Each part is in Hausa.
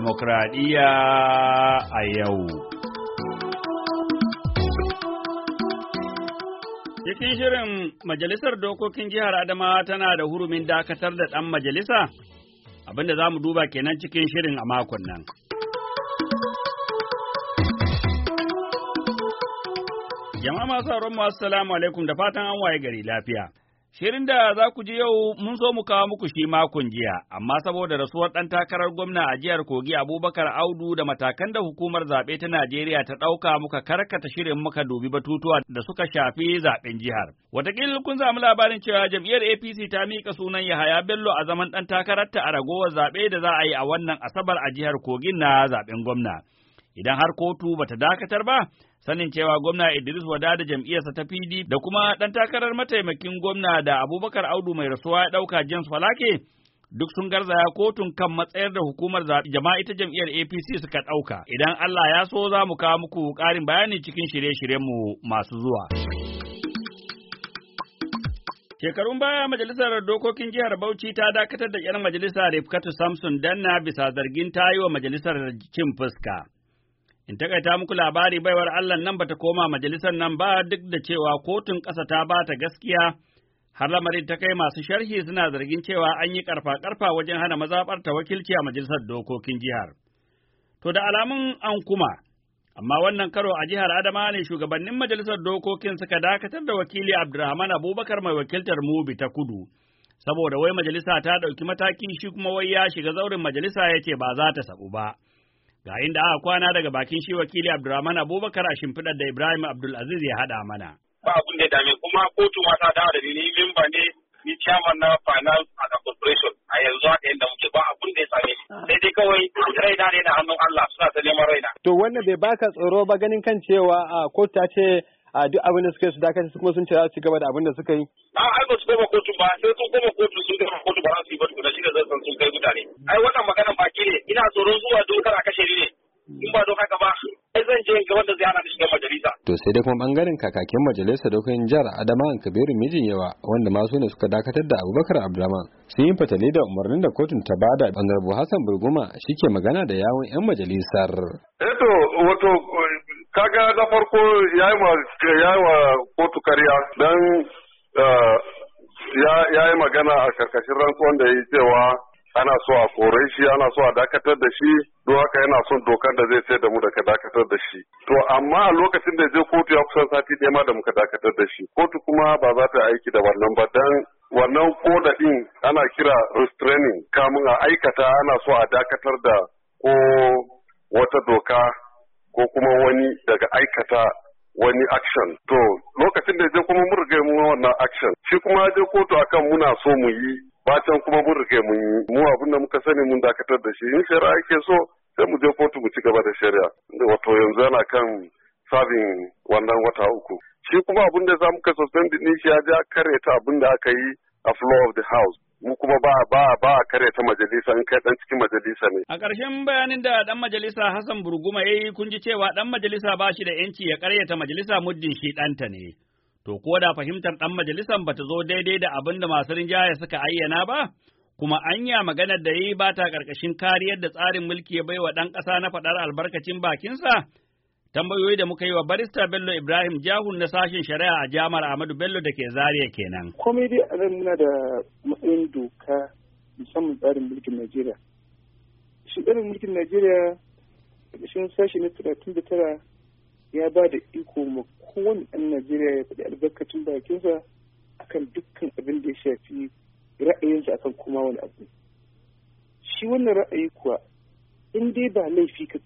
demokradiyya a yau. Cikin shirin Majalisar Dokokin Jihar Adamawa tana da hurumin dakatar da ɗan majalisa? Abinda za mu duba kenan cikin shirin a makon nan. Jama'a masu mu salamu alaikum da fatan an waye gari lafiya. Shirin da za ku ji yau mun so mu kawo muku shi makon jiya, amma saboda rasuwar ɗan takarar gwamna a jihar Kogi Abubakar Audu da matakan da hukumar zaɓe ta Najeriya ta ɗauka muka karkata shirin muka dubi batutuwa da suka shafi zaɓen jihar. Wataƙila kun samu labarin cewa jam'iyyar APC ta miƙa sunan Yahaya Bello a zaman ɗan takararta a ragowar zaɓe da za a yi a wannan Asabar a jihar Kogin na zaɓen gwamna. Idan har kotu ba ta dakatar ba, sanin cewa gwamna Idris Wada da jam'iyyarsa ta fidi da kuma ɗan takarar mataimakin gwamna da Abubakar Audu mai rasuwa ya ɗauka James Falake duk sun garzaya kotun kan matsayar da hukumar jama'a ita jam'iyyar APC suka ɗauka. Idan Allah ya so za mu kawo muku ƙarin bayani cikin shirye-shiryenmu masu zuwa. Shekarun baya majalisar dokokin jihar Bauchi ta dakatar da 'yan majalisa Rifkatu Samson Danna bisa zargin ta yi wa majalisar cin fuska. In takaita muku labari baiwar Allah nan bata koma majalisar nan ba duk da cewa kotun ƙasa ta ba ta gaskiya har lamarin ta kai masu sharhi suna zargin cewa an yi karfa-karfa wajen hana mazaɓar ta wakilci a majalisar dokokin jihar. To da alamun an kuma, amma wannan karo a jihar Adama ne shugabannin majalisar dokokin suka dakatar da wakili abdurrahman Abubakar mai wakiltar Mubi ta Kudu. Saboda wai majalisa ta ɗauki mataki shi kuma wai ya shiga zaurin majalisa ya ce ba za ta sabu ba. Ga inda aka kwana daga bakin shi wakili Abdulrahman Abubakar a shimfiɗar da Ibrahim Abdulaziz ya haɗa mana. Ba abin da dame kuma kotu ma ta dawo da ni memba ne ni chairman na finance and corporation a yanzu a inda muke ba abin da ya same shi. Sai dai kawai raina ne da hannun Allah suna ta neman raina. To wannan bai baka tsoro ba ganin kan cewa kotu ta ce a duk abin da suka yi su su kuma sun ce za su gaba da abin da suka yi. a ai ba su koma kotu ba sai sun koma kotu sun koma kotu ba za su yi ba tukuna shi da zan sun kai mutane ai wannan maganan baki ne ina tsoron zuwa dokar a kashe ni ne in ba doka ka ba Ai zan je ga wanda zai hana ni shiga majalisa. to sai dai kuma bangaren kakakin majalisa dokokin jihar adama kabiru mijin yawa wanda masu ne suka dakatar da abubakar abdulrahman sun yi fatali da umarnin da kotun ta bada bangaren hassan burguma ke magana da yawon yan majalisar. eto eh wato kaga na farko ya yi wa kotu kariya don eh, ya yi magana a karkashin rantsuwan da yi cewa ana so a kore shi ana so a dakatar da shi don haka yana son dokar da zai sayar da mu da ka dakatar da shi to amma a lokacin da je kotu ya kusan sati ɗaya ma da muka dakatar da shi kotu kuma ba za ta aiki da wannan ba don wannan koda din ana kira restraining kamun a aikata ana so a dakatar da ko wata doka ko kuma wani daga aikata wani action to lokacin da je kuma mun mu mun wannan action shi kuma je kotu akan muna so mu yi bacan kuma mun riga mun yi mu abin muka sani mun dakatar da shi in shari'a yake so sai mu je kotu mu ci gaba da shari'a wato yanzu yana kan sabin wannan wata uku shi kuma abun da za mu ka suspend shi ya ja kare ta abin da aka yi a floor of the house mu kuma ba ba ba kare ta majalisa in kai dan cikin majalisa ne a ƙarshen bayanin da dan majalisa Hassan Burguma yayi kun ji cewa dan majalisa ba shi da yanci ya karyata majalisa muddin shi ɗanta ne to ko da fahimtar dan majalisan bata zo daidai da abin da masu rinjaya suka ayyana ba kuma anya maganar da yi ba ta ƙarƙashin kariyar da tsarin mulki ya baiwa ɗan ƙasa na faɗar albarkacin bakinsa Tambayoyi da muka yi wa barista Bello Ibrahim Jahun na sashen shari'a a jami'ar Ahmadu Bello da ke Zaria kenan. Komai dai a nan muna da matsayin doka musamman tsarin mulkin Najeriya. Shi tsarin mulkin Najeriya ƙarshen sashi na talatin da tara ya ba da iko ma kowane ɗan Najeriya ya faɗi albarkacin bakinsa akan dukkan abin da ya shafi ra'ayinsa akan kuma wani abu. Shi wannan ra'ayi kuwa in dai ba laifi ka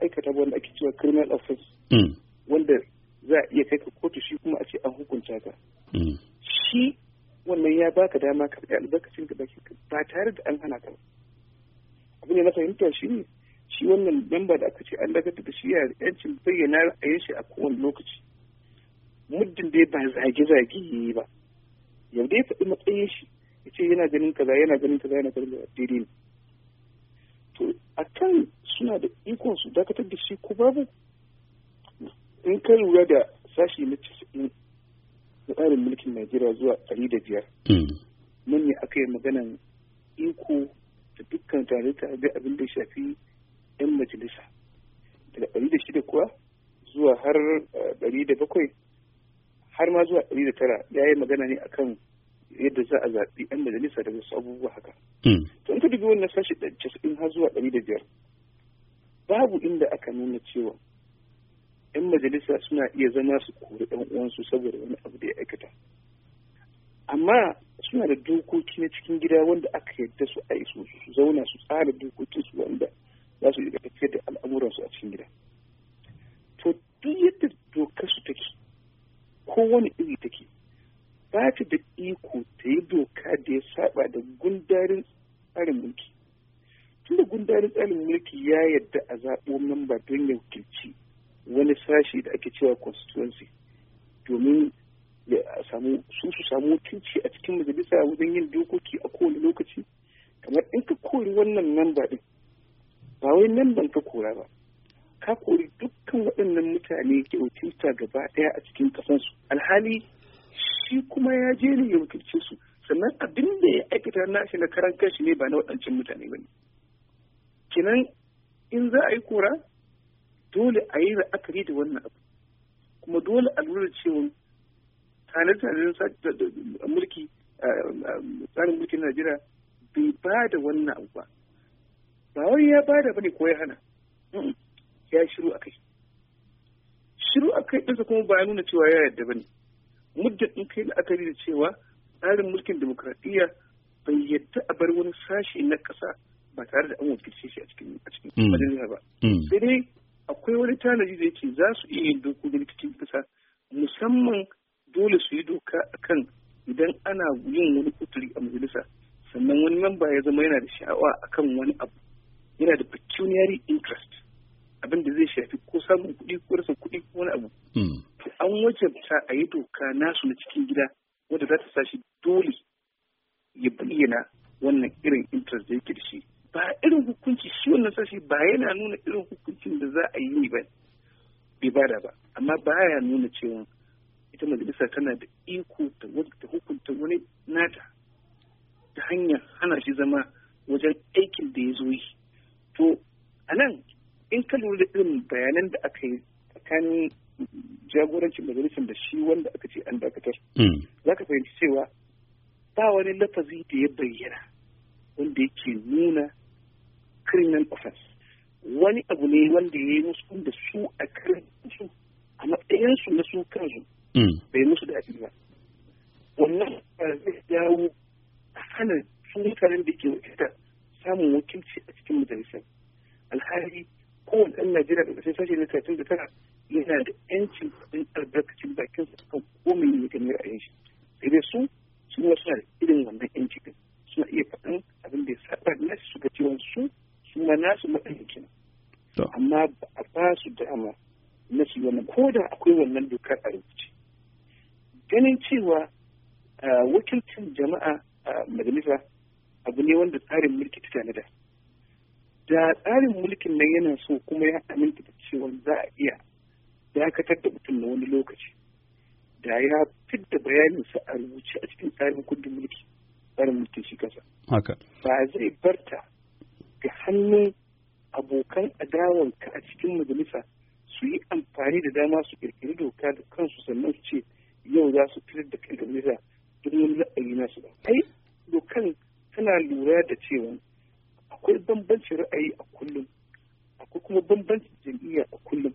aikata wanda ake cewa criminal offense mm. wanda za a iya kai ka kotu shi kuma a ce an hukunta ka mm. shi wannan ya baka dama ka faɗi albarkacin da baki ba tare da an hana ka ba abin ne na fahimta shi ne shi wannan lamba da aka ce an dakatar da shi ya yancin bayyana ra'ayin shi a kowane lokaci muddin dai ba zage-zage ya yi ba yau dai faɗi matsayin shi ya ce yana ganin kaza yana ganin kaza yana ganin daidai ne to a kan suna da ikon su dakatar da shi ko babu in ka lura da sashi na casa'in na tsarin mulkin najeriya zuwa ɗari da biyar mun hmm. ne aka yi maganan iko da dukkan tare ta abin da shafi yan majalisa daga ɗari da shida kuwa zuwa har eh, ɗari da bakwai har ma zuwa ɗari da tara ya yi magana ne akan yadda za a zaɓi 'yan majalisa da wasu abubuwa haka. Hmm. To in ka dubi wannan sashi casa'in har zuwa ɗari da biyar babu inda aka nuna cewa 'yan majalisa suna iya zama su kori ɗan uwansu saboda wani abu da ya aikata. Amma suna da dokoki na cikin gida wanda aka yadda su a su su zauna su tsara dokokin su wanda za su iya tafiyar da al'amuransu a cikin gida. To duk yadda dokar su take ko wani iri take ba ta da iko ta yi doka da ya saba da gundarin tsarin mulki tunda gundarin tsarin mulki ya yadda a zaɓo mamba don ya wakilci wani sashi da ake cewa constituency domin ya samu su su samu wakilci a cikin majalisa wajen yin dokoki a kowane lokaci kamar in ka kori wannan memba din ba wai memban ka kora ba ka kori dukkan waɗannan mutane ke wakilta gaba ɗaya a cikin ƙasansu alhali shi kuma ya je ne ya wakilce su sannan abin da ya aikata na shi na karan kanshi ne ba na waɗancan mutane ba ne kinan in za a yi kora dole a yi la'akari da wannan abu kuma dole a lura cewa tanadar mulki tsarin mulkin najeriya bai ba da wannan abu ba ba wai ya ba da bane ko ya hana ya shiru a kai shiru a kai ɗinsa kuma ba nuna cewa ya yarda bane muddin in kai la'akari da cewa tsarin mulkin demokradiyya bai yadda a bar wani sashi na ƙasa ba tare da an wakilce shi a cikin a hmm. majalisa ba hmm. sai dai akwai wani tanaji da yake za su iya yin dokokin cikin ƙasa musamman dole su yi doka akan idan ana yin wani kuturi a majalisa sannan wani lamba ya zama yana da sha'awa akan wani abu yana da pecuniary interest abin da zai shafi ko samun kuɗi ko rasa kuɗi ko wani abu hmm. wajen ta a yi doka nasu na cikin gida wadda za ta sa shi dole ya bayyana wannan irin intar da yake da shi ba irin hukunci shi wannan sashi ba yana nuna irin hukuncin da za a yi ba bai bada ba amma ba ya nuna cewa ita majalisa tana da iko ta hukunta wani nata ta hanyar hana shi zama wajen aikin da ya zo yi to a nan in ka lura da irin bayanan da aka yi tsakanin jagorancin majalisar da shi wanda aka ce an dakatar hmm. za ka fahimci cewa ba wani lafazi da ya bayyana wanda yake nuna criminal offense wani abu ne wanda ya yi musu da su a su a matsayinsu na su kansu hmm. bai musu da ake ba wannan zai dawo a hana su mutanen da ke wakilta samun wakilci a cikin majalisar alhali kowane ɗan najeriya da ƙasashe sashe na 39 yana da yancin kudin albarkacin bakin su kan komai ne kan ra'ayin shi sai dai su su ne suna da irin wannan yanci din suna iya faɗin abin da ya saba na su ga cewa su su ma nasu matsayin amma ba a ba su dama na su wani ko da akwai wannan dokar a rubuce ganin cewa wakilcin jama'a a majalisa abu ne wanda tsarin mulki ta tanada da tsarin mulkin nan yana so kuma ya aminta da cewa za a iya dakatar da mutum na wani lokaci da ya fidda bayaninsa a rubuce a cikin tsarin kundin mulki tsarin mulkin shi kasa. Ba zai barta ga hannun abokan adawanka a cikin majalisa su yi amfani da dama su kirkiri doka da kansu sannan su ce yau za su fitar da kai majalisa duk wani ra'ayi nasu ba. Ai dokan tana lura da cewa akwai bambancin ra'ayi a kullum akwai kuma bambancin jam'iyya a kullum.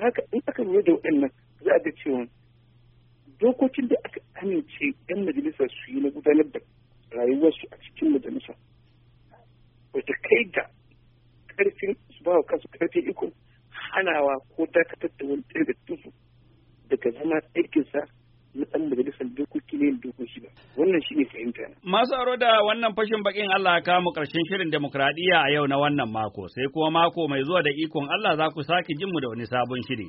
haka in aka lura da waɗannan za a ga cewa dokokin da aka amince 'yan majalisa su yi na gudanar da rayuwarsu a cikin majalisa wata kai ga ƙarfin su ba wa kansu karfin iko hanawa ko dakatar da wani ɗaya da daga zama aikinsa na masu aro da wannan fashin bakin Allah ka mu karshen shirin demokradiyya a yau na wannan mako sai kuma mako mai zuwa da ikon Allah za ku sake jin mu da wani sabon shiri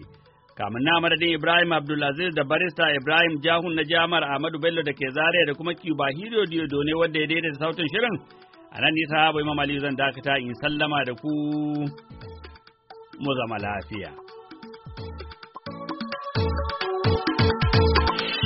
kamun na madadin Ibrahim Abdulaziz da barista Ibrahim Jahun na Jamar Ahmadu Bello da ke Zaria da kuma Cuba Hiro Diodo ne wanda ya daidaita sautin shirin a nan nisa yi mamali zan dakata in sallama da ku mu zama lafiya.